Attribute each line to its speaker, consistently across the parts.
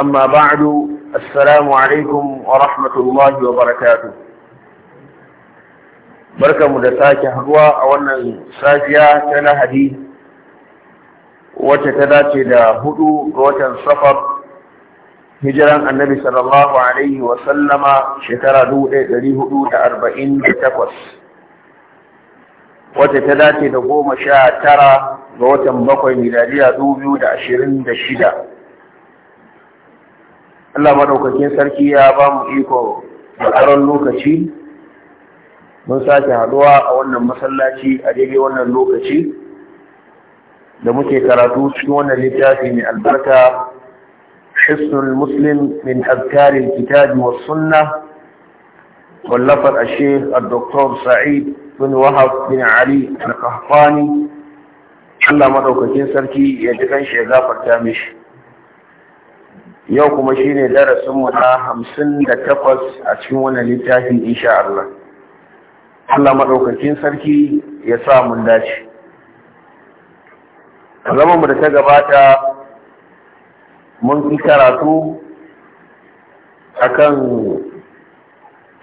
Speaker 1: أما بعد السلام عليكم ورحمة الله وبركاته بركة مدساكة هدوى أولا ساجية كان حديث وتتداتي لهدو وتن صفر هجرا النبي صلى الله عليه وسلم شكرا دوئة لهدو أربعين تقوس وتتداتي لقوم شاء ترى وتن بقوي ميلادية دوبيو لعشرين دشدة Allah maɗaukakin sarki ya ba mu iko da ƙarar lokaci mun sake haɗuwa a wannan masallaci a daidai wannan lokaci da muke karatu cikin wannan littafi mai albarka hisnul muslim min azkarin kitabi wa sunna wallafar a sheikh sa'id bin wahab bin ali al-kahfani Allah maɗaukakin sarki ya ji kan shi ya gafarta mishi yau kuma shine darasinmu na hamsin da takwas a cikin wannan littafi insha Allah. Allah maɗaukakin sarki ya sa mun dace. mu da ta gabata mun fi karatu akan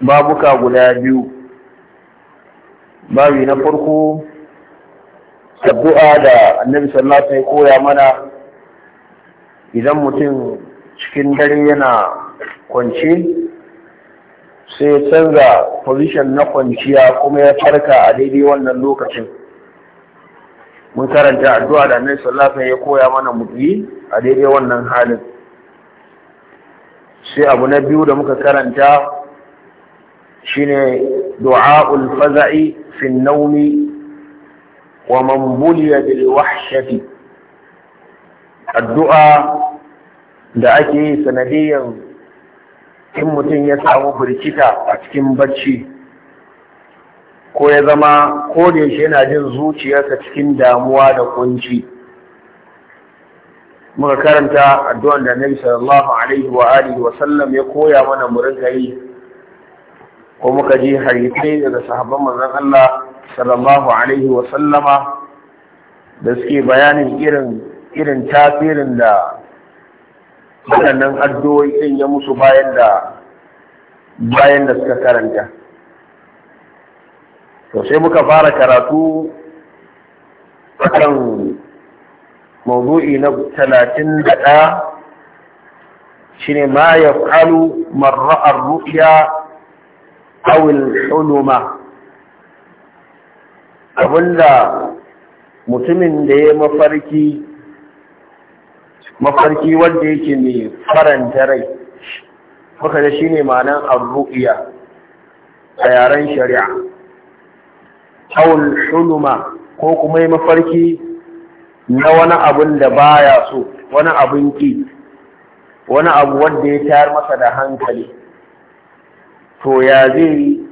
Speaker 1: babuka guda biyu. Babi na farko, addu'a da annabi sallallahu alaihi koya mana idan mutum cikin dare yana kwance sai ya canza position na kwanciya kuma ya farka a daidai wannan lokacin mun karanta addu'a da annabi sallallahu ya koya mana mutuyi a daidai wannan halin sai abu na biyu da muka karanta shine ul faza'i fi wa man buliya bil wahshati addu'a da ake yi sanadiyan in mutum ya samu birkita a cikin bacci ko ya zama ko da yaushe yana jin zuciyarsa cikin damuwa da kunci muka karanta addu'an da Nabi sallallahu alaihi wa alihi wa sallam ya koya mana mu rinka ko muka ji harifai daga sahabban manzon Allah sallallahu alaihi wa sallama da suke bayanin irin irin tasirin da waɗannan addu'o'i ɗin ya musu bayan da bayan da suka karanta to sai muka fara karatu kan mawdu'i na talatin da Shi shine ma ya falu marra'ar ru'ya awil huluma abinda mutumin da ya mafarki mafarki wanda yake mai faranta rai muka da shine ma'anan ar-ru'ya a yaren shari'a awul huluma ko kuma yi mafarki na wani abun da baya so wani abun ki wani abu wanda ya tayar masa da hankali to ya zai yi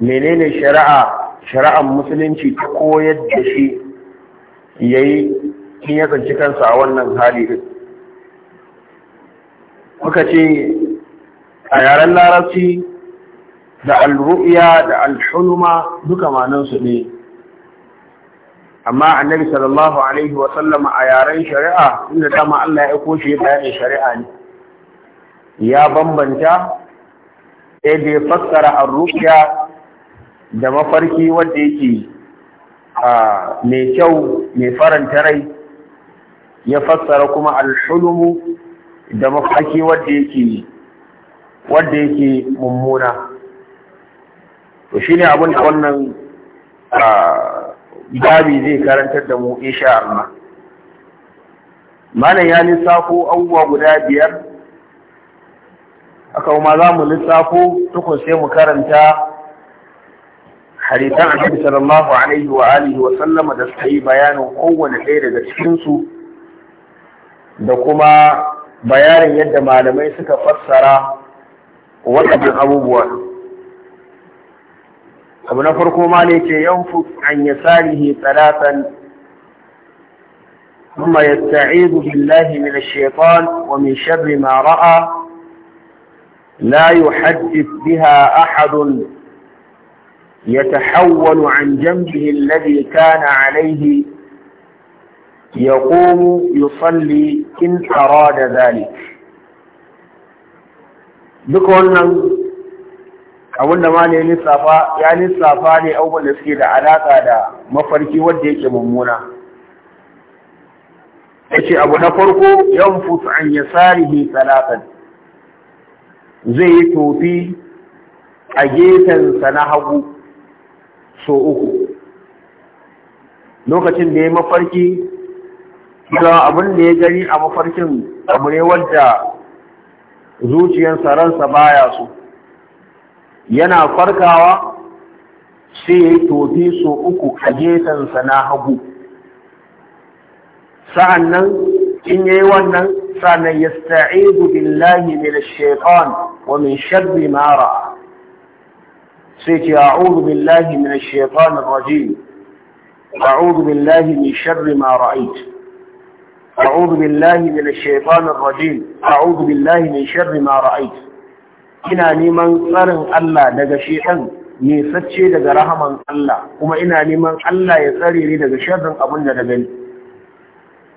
Speaker 1: menene shari'a shari'ar musulunci ta koyar da shi yayi in ya tsanci kansa a wannan hali din muka ce a yaren larabci da alru'iya da alhuluma duka manansu ne amma annabi sallallahu alaihi wa sallama a yaren shari'a inda dama Allah ya aiko shi bayanin shari'a ne ya bambanta sai da ya fassara alru'iya da mafarki wanda yake a mai kyau mai faranta rai ya fassara kuma alhulumu da mafaki wadda yake wadda yake mummuna to shine abin da wannan babi zai karantar da mu insha Allah malam ya lissafo abubuwa guda biyar aka kuma za mu lissafo tukun sai mu karanta hadisan annabi sallallahu alaihi wa alihi wa sallama da suka yi bayanin kowanne ɗaya daga cikinsu da kuma bayanin yadda malamai suka fassara waɗannan abubuwa abu na farko ma ne ce yanfu an yasarihi tsalatan ثم يستعيذ بالله من الشيطان ومن شر ما رأى لا يحدث بها أحد يتحول عن جنبه الذي كان عليه يقوم in إن da ذلك duk wannan abin da ma ne lissafa ya lissafa ne abubuwan da suke da alaƙa da mafarki wanda yake mummuna yace abu na farko yanfutu an yasarihi salatan zai yi tofi a gefensa na hagu so uku lokacin da ya mafarki cewa abin da ya gani a mafarkin abu ne wadda zuciyarsa ransa baya so yana farkawa sai ya yi tofi so uku a gefensa na hagu sa'an nan in ya yi wannan sa'an nan ya sta'idu billahi min shaitan wa min sharri mara sai ce a'udhu billahi min shaitan rajim "A'udu billahi min sharri ma ra'aytu أعوذ بالله من الشيطان الرجيم أعوذ بالله من شر ما رأيت ina neman tsarin Allah daga shekan nesacce daga rahaman Allah kuma ina neman Allah ya tsare ni daga sharrin abin da daga ni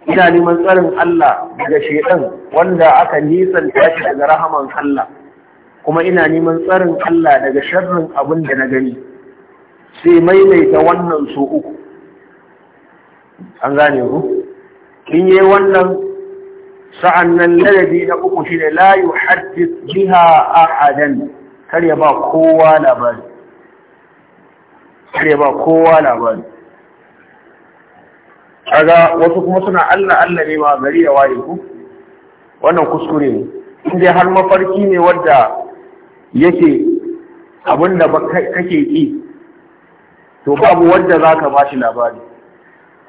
Speaker 1: ina neman tsarin Allah daga shekan wanda aka nisan tashi daga rahaman Allah kuma ina neman tsarin Allah daga sharrin abin da na gani sai maimaita wannan so uku an gane in yi wannan sa'annan ladabi na uku shi ne layu hajjit jiha a kar ya ba kowa labari kar ya ba kowa labari ga wasu kuma suna Allah Allah ne ma gari da waye ku wannan kuskure ne inda har mafarki ne wadda yake abinda da kake yi to babu wadda za ka ba shi labari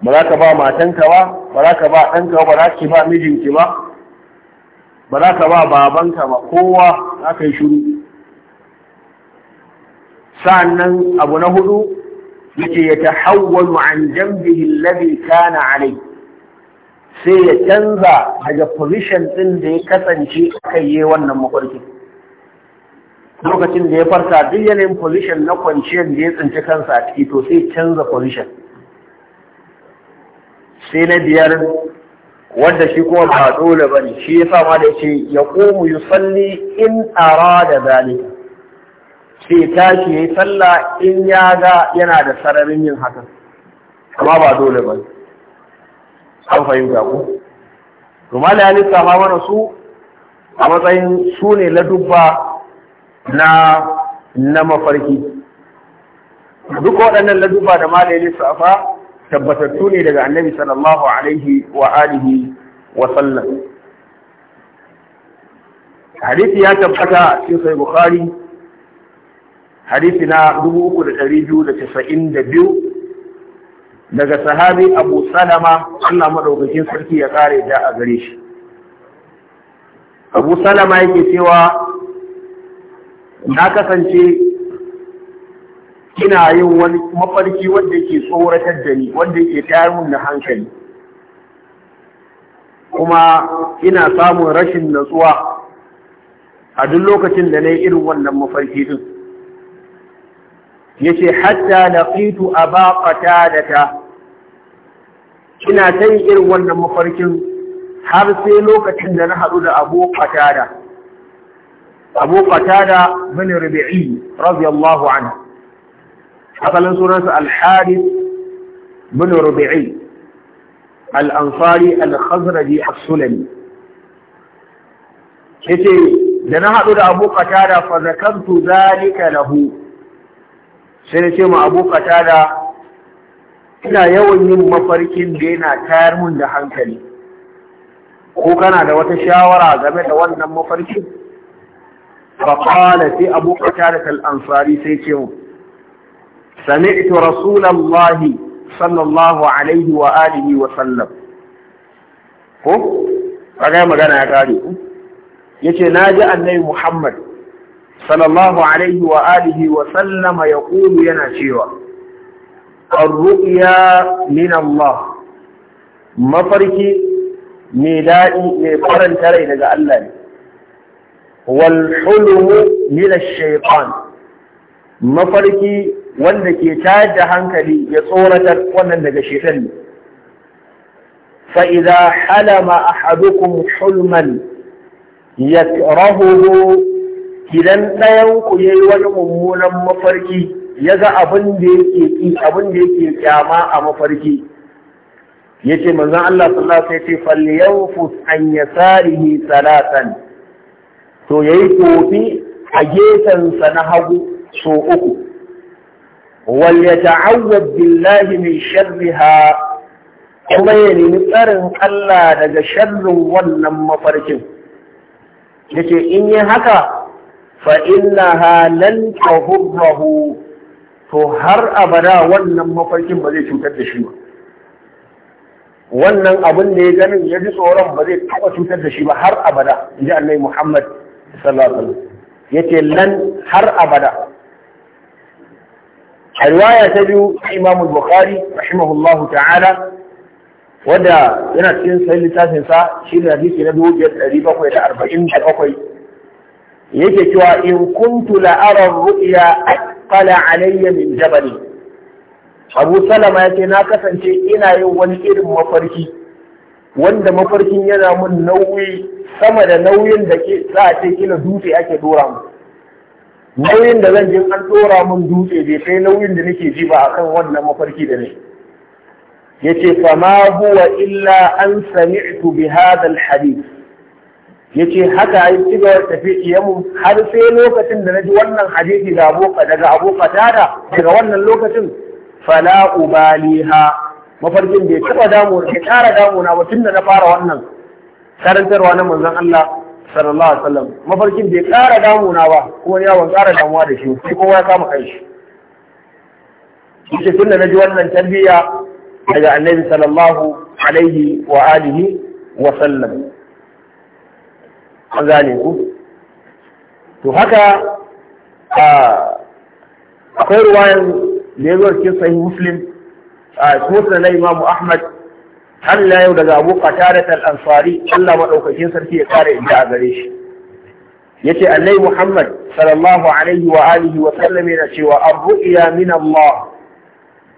Speaker 1: ba za ka ba matanka ba ba za ka ba ɗanka ba za ki ba mijinki ba ba za ka ba babanka ba kowa za ka yi shuru sa'annan abu na hudu yake ya tahawwalu an jambihi alladhi kana alai sai ya canza daga position ɗin da ya kasance kai yi wannan mafarkin lokacin da ya farka duk yanayin position na kwanciyar da ya tsinci kansa a ciki to sai canza position sai na biyar wanda shi kuma ba dole ba ne shi yasa ma da ce ya komu yi salli in ara da zalika sai tashi ya yi sallah in ya ga yana da sararin yin hakan amma ba dole ba an fahimta ku rumala ya ma mana su a matsayin su ne ladubba na na mafarki duk waɗannan ladubba da malayi lissafa tabbatattu ne daga annabi sallallahu alaihi wa alihi wa sallam hadisi ya tabbata cikin sai bukhari hadisi na 3292 daga sahabi abu salama Allah madaukakin sarki ya kare da a gare shi abu salama yake cewa na kasance ina yin wani mafarki wanda yake tsoratar da ni wanda yake tayar mun da hankali kuma ina samun rashin natsuwa a duk lokacin da na yi irin wannan mafarki din yace hatta laqitu aba qatadata ina tayi yin irin wannan mafarkin har sai lokacin da na hadu da abu qatada abu qatada bin rabi'i radiyallahu anhu asalin sunansa al-harith bin rubi'i al al-khazraji as-sulami yace da na haɗu da Abu Qatada fa zakartu zalika lahu sai na ce ma Abu da ina yawan yin mafarkin da yana tayar mun da hankali
Speaker 2: ko kana da wata shawara
Speaker 1: game da wannan mafarkin fa qala sai Abu Qatada al-ansari sai ce mu سمعت رسول الله صلى الله عليه وآله وسلم ko kaga magana ya kare ku yace naji annabi Muhammad sallallahu alaihi wa alihi wa sallama yana cewa ar-ru'ya min Allah daɗi mai faranta rai daga Allah Walhulumu nina hulmu mafarki wanda ke tayar da hankali ya tsoratar wannan daga shekar ne halama a hadukun shulman ya yakrahuhu idan ɗayan ku yi wani mummunan mafarki ya ga abin da yake ƙi abin da yake kyama a mafarki ce manzon Allah sallallahu alaihi wasallam falyanfus an yasarihi salatan to yayi tofi a gefensa na hagu so uku وليتعوذ بالله من شرها kuma ya nemi tsarin Allah daga sharrin wannan mafarkin yace in yi haka fa innaha lan tahurrahu to har abada wannan mafarkin ba zai cutar da shi ba wannan abin da ya ganin ya ji tsoron ba zai taɓa cutar da shi ba har abada in ji annai muhammad sallallahu alaihi wasallam yace lan har abada a riwaya ta biyu ta imamu bukhari rahimahullahu ta'ala wadda yana cikin sahih littafin sa shi ne hadisi na dubu biyar ɗari bakwai da arba'in da bakwai yake cewa in kuntu la ara ru'ya aqala alayya min jabali Abu Salama yace na kasance ina yin wani irin mafarki wanda mafarkin yana mun nauyi sama da nauyin da za a ce kila dutse ake dora nauyin da zan jin an dora min dutse bai kai nauyin da nake ji ba akan wannan mafarki da ne yace fa ma huwa illa an sami'tu bi hadha al hadith yace haka ai ci gaba tafi iyamu har sai lokacin da naji wannan hadisi da aboka daga aboka tada daga wannan lokacin fala ubaliha mafarkin bai taba damu da tara damu na ba tunda na fara wannan karantarwa na manzon Allah sallallahu alaihi wasallam mafarkin bai ƙara damuna ba ko ya ban ƙara damuwa da shi sai kowa ya kama kanshi yace tunda naji wannan tarbiyya daga annabi sallallahu alaihi wa alihi wa sallam an gane ku to haka akwai ruwayan da ya zo cikin sahih muslim a sunan imamu ahmad har ila yau daga Abu Qatada al-Ansari Allah madaukakin sarki ya kare inda a gare shi yace annai Muhammad sallallahu alaihi wa alihi wa sallam yana cewa ar-ru'ya min Allah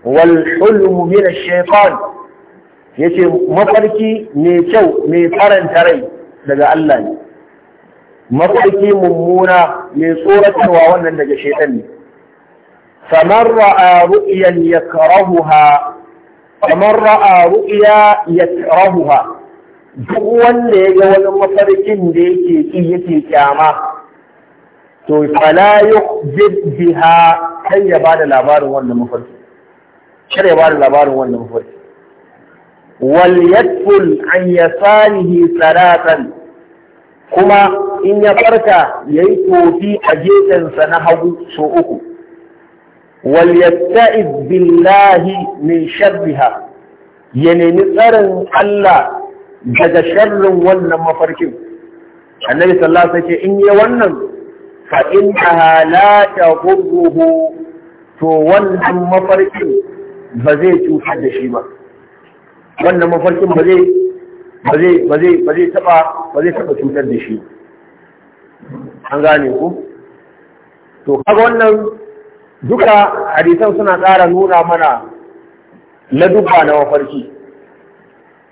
Speaker 1: wal hulm min ash-shaytan yace mafarki mai kyau mai faranta rai daga Allah ne mafarki mummuna mai tsoratarwa wannan daga shaytan ne faman ra'a ru'yan yakrahuha kamar ra'a ya yakrahuha duk wanda ya ga wani mafarkin da yake ƙi yake kyama to fala yukhbir biha kan ya bada labarin wannan mafarki kar ya bada labarin wannan mafarki wal yadful an salatan kuma in ya farka yayi tofi a gefensa na hagu so uku وليستعذ بالله من شرها ينمي تسرن الله daga sharrin wannan mafarkin annabi sallallahu alaihi wasallam in yi wannan fa innaha la taghurruhu to wannan mafarkin ba zai cutar da shi ba wannan mafarkin ba zai ba zai ba zai ba zai taba ba zai taba cutar da shi an gane ku to kaga wannan duka hadisan suna ƙara nuna mana ladubba na mafarki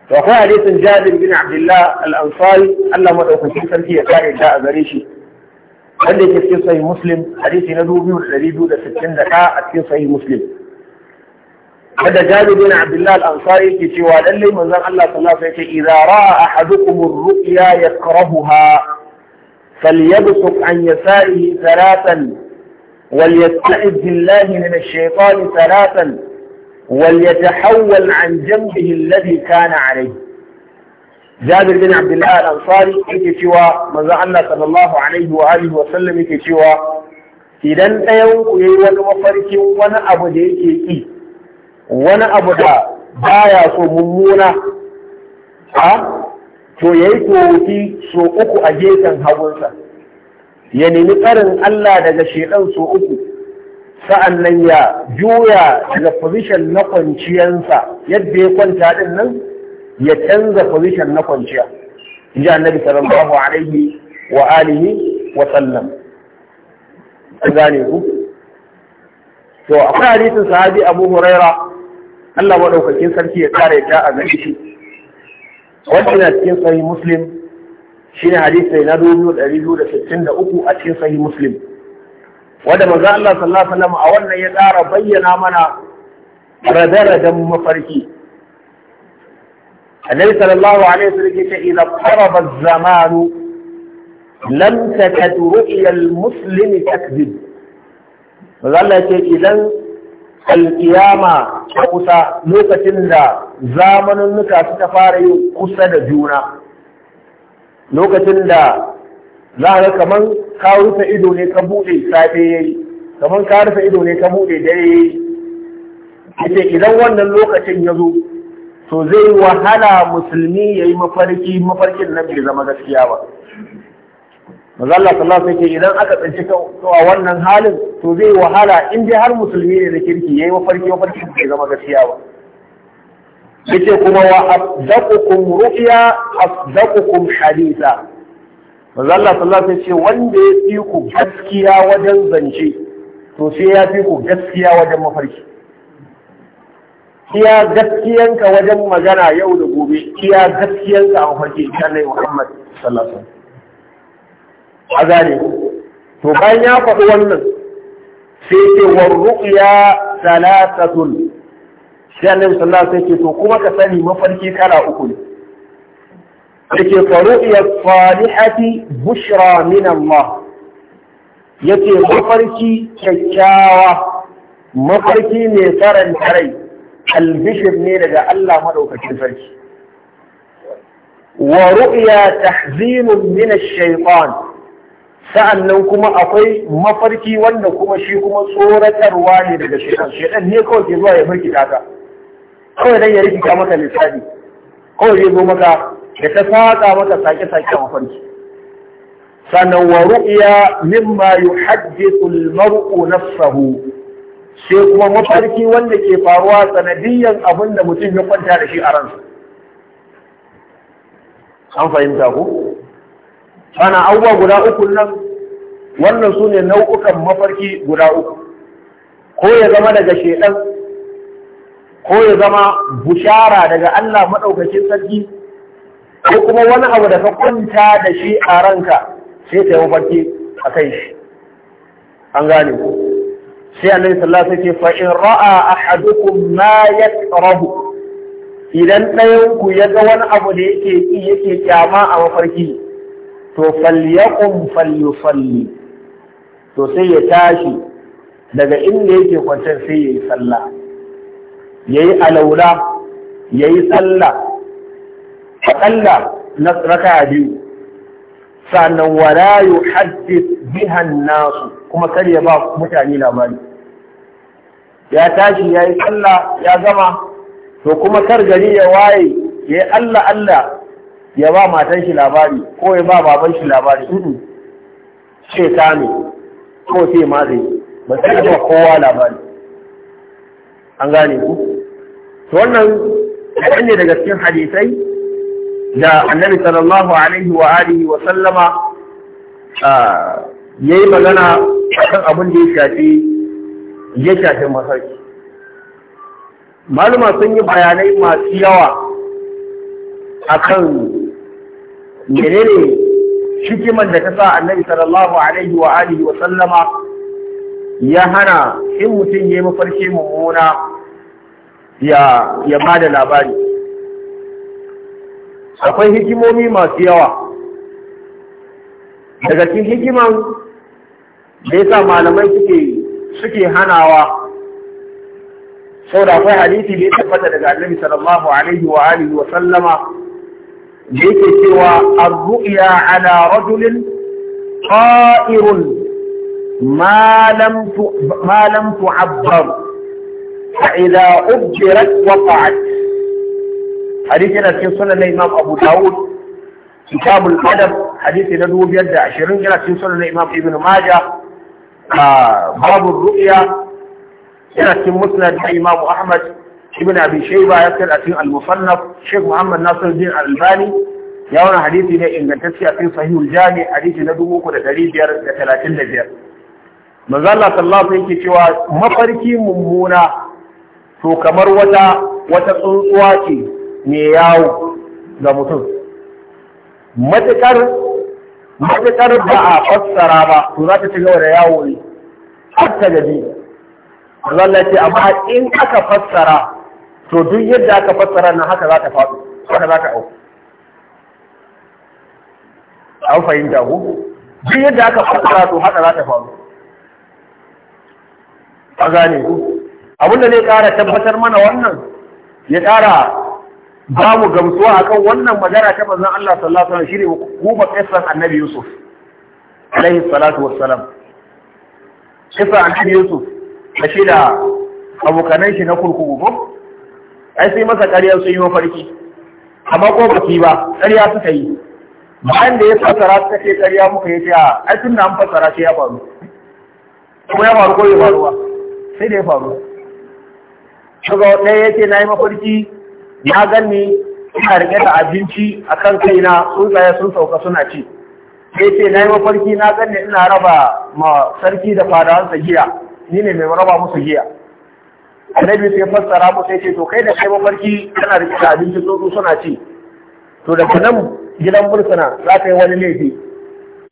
Speaker 1: to akwai hadisin Jabir bin Abdullah al-Ansari Allah madaukakin sarki ya kare da a gare shi wanda yake cikin sahih Muslim hadisi na 2261 a cikin sahih Muslim Kada Jabir bin Abdullah al-Ansari yake cewa lalle manzon Allah sallallahu alaihi wasallam yake idza ra'a ahadukum ar-ru'ya yakrahuha falyabsuq an yasarihi thalathan وليستعذ بالله من الشيطان ثلاثا وليتحول عن جنبه الذي كان عليه جابر بن عبد الله الأنصاري yake cewa manzo Allah sallallahu alaihi wa wa sallam yake cewa idan ɗayan ku yayi wani mafarkin wani abu da yake ki wani abu da baya so mummuna a to yayi koki so uku a gefen hagunsa ya nemi tsarin Allah daga shedan so uku sa'an nan ya juya daga position na kwanciyansa yadda ya kwanta din nan ya canza position na kwanciya in ji sallallahu alaihi wa alihi wa sallam gane ku to akwai hadisin sahabi abu huraira Allah maɗaukacin sarki ya kare ta a gare shi yana cikin sahih muslim shine hadisi ne na 2263 a cikin sahih muslim wanda manzo Allah sallallahu alaihi wasallam a wannan ya ƙara bayyana mana
Speaker 2: radaradan
Speaker 1: mafarki Annabi sallallahu alaihi wasallam yake idza qaraba az-zamanu lam takad ru'ya al-muslimi takdhib manzo Allah yake idan alƙiyama ta kusa lokacin da zamanin nuka suka fara yin kusa da juna lokacin da za ga kamar ka rufe ido ne ka buɗe safe yayi kamar ka rufe ido ne ka buɗe dare yayi ce idan wannan lokacin ya zo to zai wahala musulmi ya yi mafarki mafarkin nan bai zama gaskiya ba Maza Allah sallallahu alaihi idan aka tsinci kawa wannan halin to zai wahala in dai har musulmi ne da kirki yayi mafarki mafarkin bai zama gaskiya ba yake kuma wa asdaqukum ru'ya asdaqukum haditha manzo Allah sallallahu alaihi ce wanda ya fi ku gaskiya wajen zance to sai ya fi ku gaskiya wajen mafarki Kiya gaskiyanka wajen magana yau da gobe kiya gaskiyanka a mafarki insha Allah Muhammad sallallahu alaihi wasallam to bayan ya faɗi wannan sai ce wa ru'ya salatatul shi annabi sallallahu alaihi wasallam to kuma ka sani mafarki kala uku ne yake faru'iyat salihati bushra min Allah yake mafarki kyakkyawa mafarki ne tsaron tarai. albishir ne daga Allah madaukakin sarki wa ru'ya tahzinun min ash-shaytan sa'annan kuma akwai mafarki wanda kuma shi kuma tsoratarwa ne daga shaitan shaitan ne kawai ke zuwa ya farki ka kawai dan ya rikita maka lissafi kawai zai zo maka da ta saka maka sake-sake a mafarki sannan wa ru'ya mimma yuhaddithu al-mar'u nafsahu sai kuma mafarki wanda ke faruwa sanadiyyan abin da mutum ya kwanta da shi a ransa an fahimta ku ana abubuwa guda uku nan wannan su ne nau'ukan mafarki guda uku ko ya zama daga shedan ko ya zama bushara daga Allah maɗaukacin sarki ko kuma wani abu da ka kwanta da shi a ranka sai ta yi mafarki a kai shi an gane ku sai annabi ta alaihi wasallam fa’in ra’a a hadukun na ya idan ɗayanku ku ya ga wani abu da yake ƙi yake kyama a mafarki to falyaqum falyusalli to sai ya tashi daga inda yake kwantar sai ya yi sallah Yayi alaula yayi yi tsalla aƙalla na raka biyu sannan wala yu haddis bihan nasu kuma kar ya ba mutane labari ya tashi ya yi sallah, ya zama to kuma kar gari ya waye ya yi allah allah ya ba matan shi labari ko ya ba baban shi labari ce ta ne ko sai ma zai ba sai ba kowa labari an gane ku to wannan kaɗan ne daga cikin hadisai da annabi sallallahu alaihi wa alihi wa sallama ya yi magana kan abin da ya shafi ya shafi masarki maluma sun yi bayanai masu yawa akan menene hikimar da ta sa annabi sallallahu alaihi wa alihi wa sallama ya hana in mutum ya mafarki mummuna ya ba bada labari akwai hikimomi masu yawa daga cikin hikiman da yasa malamai suke suke hanawa da akwai hadithi da ya tabbata daga Annabi sallallahu alaihi wa alihi wa sallama da yake cewa ar-ru'ya ala rajulin qa'irun ma lam tu فإذا أبجرت وقعت حديث هنا في سنن الإمام أبو داود كتاب الأدب حديث ندوه بيد عشرين هنا في سنن الإمام ابن ماجه باب الرؤيا هنا في مسند الإمام أحمد ابن أبي شيبة يذكر في المصنف شيخ محمد ناصر الدين الألباني يوم حديثي ده إن تسيا في صحيح الجامع حديثي ندوه كده دليل بيار ده 35 manzo Allah sallallahu alaihi wasallam yake cewa mafarki mummuna to kamar wata wata tsuntsuwa ce mai yawo ga mutum matuƙar matuƙar ba a fassara ba to za ta ci gaba da yawo ne har ta gaji
Speaker 2: Allah ce amma
Speaker 1: in aka fassara to duk yadda aka fassara nan haka za ta faɗo haka za ta au? an fahimta ko duk yadda aka fassara to haka za ta faɗo a gane ku abinda zai ƙara tabbatar mana wannan ya ƙara ba mu gamsuwa akan wannan magana ta manzon Allah sallallahu alaihi wasallam shine kuma kisan annabi Yusuf alaihi salatu wassalam kisan annabi Yusuf da shi da abokanan shi na kurkuku ko ai sai masa ƙarya sun yi farki. amma ko ki ba ƙarya suka yi bayan da ya fasara suka ce ƙarya muka yi ta ai tun da an fasara sai ya faru
Speaker 2: ko ya faru ko ya faruwa
Speaker 1: sai da ya faru kaga ya ce na yi mafarki ya ne ina rike da abinci a kan kaina tsuntsaye sun sauka suna ci ce na yi mafarki na ganni ina raba ma sarki da fadawansa giya ni ne mai raba musu giya annabi sai fassara musu ce to kai da kai mafarki kana rike da abinci tsuntsu suna ci to daga nan gidan mursana za ka yi wani laifi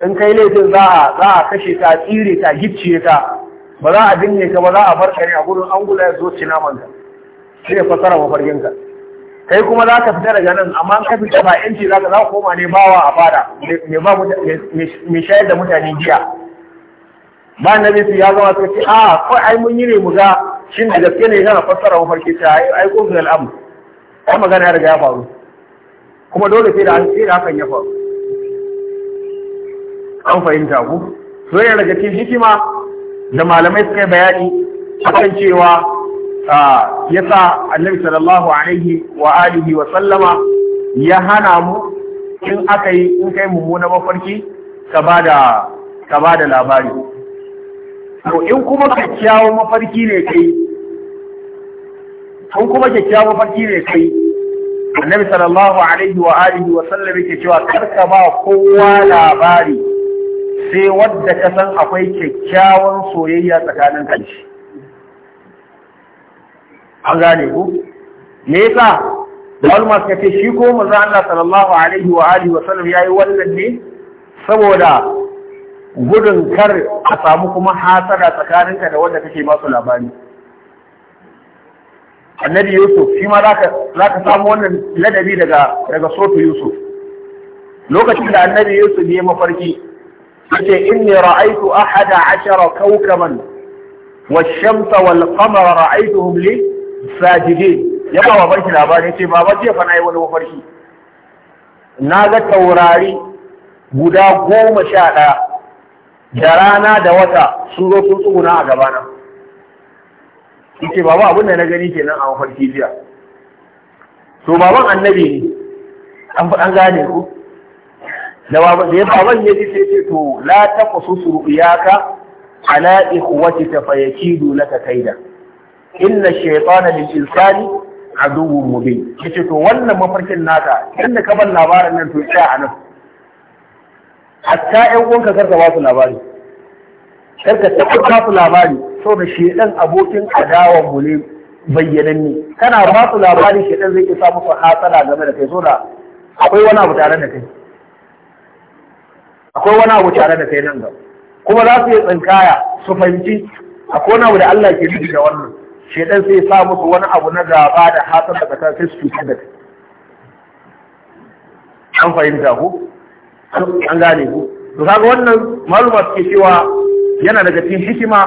Speaker 1: in kai laifin za a za a kashe ta tsire ta gicciye ta. ba za a binne ka ba za a bar ka ne a gurin angula ya zo naman sai ya fassara mafarkinka kai kuma za ka fita daga nan amma ka fita ba yanci za ka koma ne bawa a fada mai shayar da mutane jiya. ba na bisu ya zama to ce a kawai ai mun yi ne mu ga shi da gaske ne yana fassara mafarki ta ai ko ga al'amu ai magana ya riga ya faru kuma dole sai da an sai da hakan ya faru an fahimta ku soyayya daga cikin hikima da malamai suka yi bayani akan cewa yasa annabi sallallahu alaihi wa alihi wa sallama ya hana mu in aka yi in kai mummuna mafarki ka ba ka labari to in kuma kyakkyawan mafarki ne kai in kuma kyakkyawan mafarki ne kai annabi sallallahu alaihi wa alihi wa sallama ke cewa kar ka ba kowa labari sai wadda ka san akwai kyakkyawan soyayya tsakanin kanshi an gane me yasa da wani masu kace shi ko manzo Allah sallallahu alaihi wa alihi wa sallam yayi wannan ne saboda gudun kar a samu kuma hasara tsakaninka da wanda kake masu labari annabi yusuf shi ma za ka samu wannan ladabi daga sotu yusuf lokacin da annabi yusuf ya mafarki yace inni ra'aytu ahada ashara kawkaban wash-shamsa wal-qamara sajide ya ba mafarki shi labari ce baba jiya fa yi wani mafarki na ga taurari guda goma sha ɗaya da rana da wata sun zo sun tsuguna a gabana yace baba abin da na gani kenan a mafarki jiya to baban annabi ne an an gane ku da baban da baban ya ji sai ce to la taqsu ru'yaka ala ikhwatika fayakidu laka da. inna shaytana lil insani aduwwun mubin yace to wannan mafarkin naka inda ka ban labarin nan to tsaya anan hatta ƴan uwanka karka ba su labari karka taɓa ba su labari saboda shedan abokin adawan mu ne bayyananne kana ba su labari shedan zai isa musu hatsala game da kai saboda akwai wani abu tare da kai akwai wani abu tare da kai nan ga. kuma za su yi tsinkaya su fahimci akwai wani abu da Allah ke nufi da wannan shaidan sai sa musu wani abu na gaba da hatsar daga ta sai su cuta da an fahimta ku an gane ku to kaga wannan maluma suke cewa yana daga cikin hikima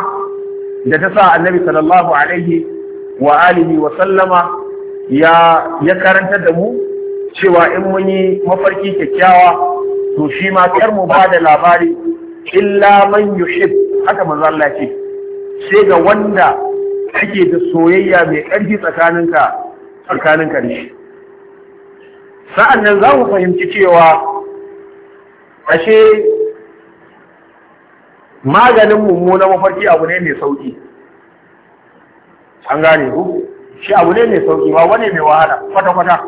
Speaker 1: da ta sa annabi sallallahu alaihi wa alihi wa sallama ya ya karantar da mu cewa in mun yi mafarki kyakkyawa to shi ma kar mu ba da labari illa man yushib haka manzo Allah ce sai ga wanda kake da soyayya mai ƙarfi tsakaninka tsakaninka da shi sa'an nan za mu fahimci cewa ashe maganin mummuna mafarki abu ne mai sauƙi an gane ku shi abu ne mai sauƙi ba wane mai wahala kwata-kwata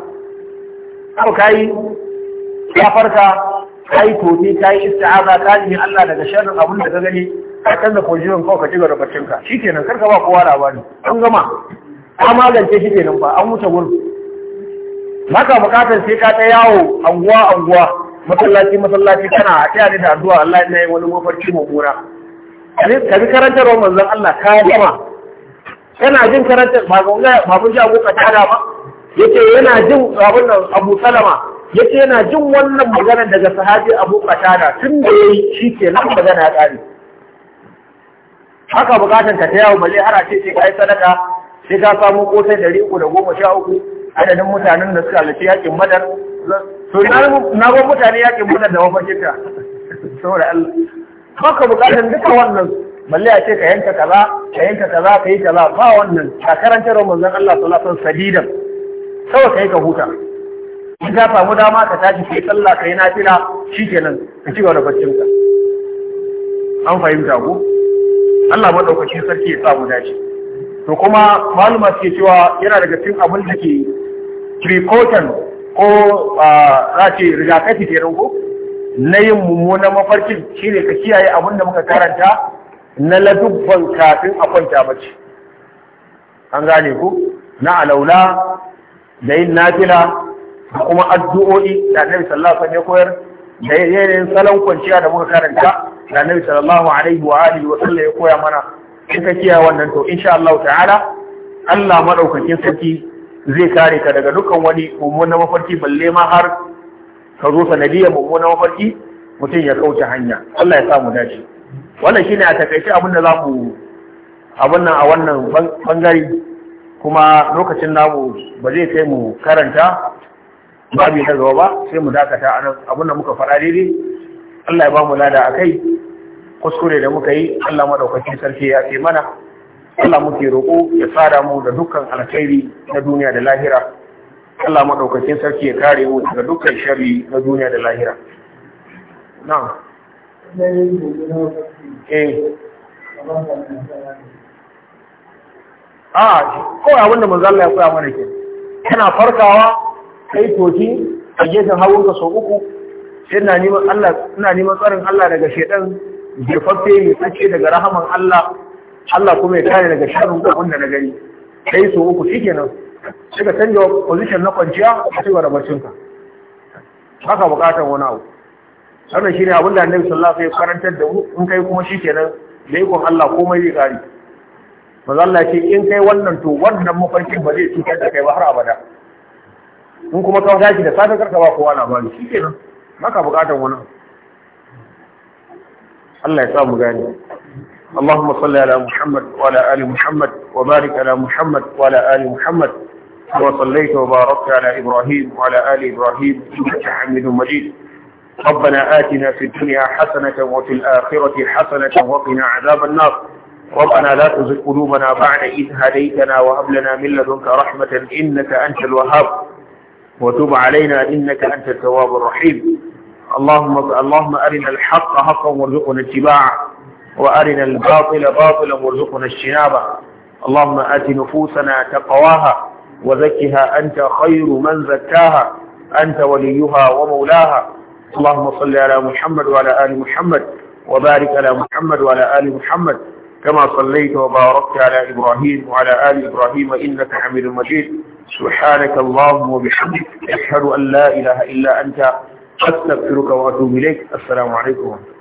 Speaker 1: abu ka yi ya farka ka yi tofi ka yi isti'aza ka yi Allah daga sharrin abin da ka gani ka canza position kawai ka cigaba da baccinka shi kenan karka ba kowa labari an gama ka magance shi kenan ba an wuce wurin ba ka bukatar sai ka ta yawo anguwa anguwa masallaci masallaci kana a taya ne da addu'a Allah ya yi wani mafarki mummuna ka bi wa manzon Allah ka gama kana jin karantar ba ga ba mun ji abu ka tada ba yace yana jin abun nan Abu Salama yace yana jin wannan magana daga sahabi Abu Qatada tun da yayi shi ke nan magana ya kare haka bukatan ka ta tayawo ba zai hana ce sai ka yi sadaka sai ka samu kosai ɗari uku da goma sha uku adadin mutanen da suka halarci yakin madar to na ga mutane yakin madar da mafarkin ka saboda Allah haka bukatan duka wannan balle a ce ka yanka kaza ka yanka kaza ka yi kaza ba wannan ka karanta ran manzon Allah sallallahu alaihi wasallam sadidan Sau kai ka huta in ka samu dama ka tashi kai sallah kai nafila shikenan ka ci gaba da baccin ka an fahimta ko Allah madaukakin sarki ya samu dace to kuma maluma suke cewa yana daga cikin abin da ke tricotan ko za ce rigakafi ke ko na yin mummunan mafarkin shi ne ka kiyaye abin da muka karanta na ladubban kafin a kwanta bacci an gane ku na alaula da yin nafila da kuma addu'o'i da Annabi sallallahu alaihi wasallam ya koyar da yin salon kwanciya da muka karanta da Annabi sallallahu alaihi wa alihi wa sallam ya koya mana in ka kiyaye wannan to insha Allah ta'ala Allah madaukakin sarki zai kare ka daga dukkan wani mummunan mafarki balle ma har ka zo sanadiyar mummunan mafarki mutum ya kauce hanya Allah ya samu dace wannan shine a takaice abin da za mu abin nan a wannan bangare kuma lokacin namu ba zai kai mu karanta babu na gaba ba sai mu dakata anan abin da muka faɗa daidai Allah ya ba mu lada kai kuskure da muka yi Allah maɗaukaki sarki ya ce mana Allah muke roƙo ya tsara mu da dukkan alkhairi na duniya da lahira Allah maɗaukaki sarki ya kare mu daga dukkan sharri na duniya da lahira na eh a ah, kawai abin da manzo Allah ya koya mana ke kana farkawa kai toki a gefen hagunka sau uku na neman Allah ina neman tsarin Allah daga shedan jefaffe mai sace daga rahaman Allah Allah kuma ya kare daga sharrin abin da na gani sai so uku shikenan sai ka canja position na kwanciya a cewa da barcinka haka bukatar wani abu shi shine abin da Annabi sallallahu alaihi wasallam ya karantar da in kai kuma shikenan da ikon Allah komai zai kare manzo Allah ce in kai wannan to wannan mafarkin ba zai cutar da kai ba har abada in kuma ka tashi da safe karka ba kowa labari shikenan baka bukatan wani Allah ya sa mu gani Allahuma salli ala Muhammad wa ala ali Muhammad wa barik ala Muhammad wa ala ali Muhammad wa sallaita wa barakta ala Ibrahim wa ala ali Ibrahim innaka Hamidum Majid ربنا آتنا في الدنيا حسنة وفي الآخرة حسنة وقنا عذاب النار ربنا لا تزق قلوبنا بعد إذ هديتنا وهب لنا من لدنك رحمة إنك أنت الوهاب وتب علينا إنك أنت التواب الرحيم اللهم اللهم أرنا الحق حقا وارزقنا اتباعه وأرنا الباطل باطلا وارزقنا اجتنابه اللهم آت نفوسنا تقواها وزكها أنت خير من زكاها أنت وليها ومولاها اللهم صل على محمد وعلى آل محمد وبارك على محمد وعلى آل محمد كما صليت وباركت على إبراهيم وعلى آل إبراهيم إنك حميد مجيد سبحانك اللهم وبحمدك أشهد أن لا إله إلا أنت أستغفرك وأتوب إليك السلام عليكم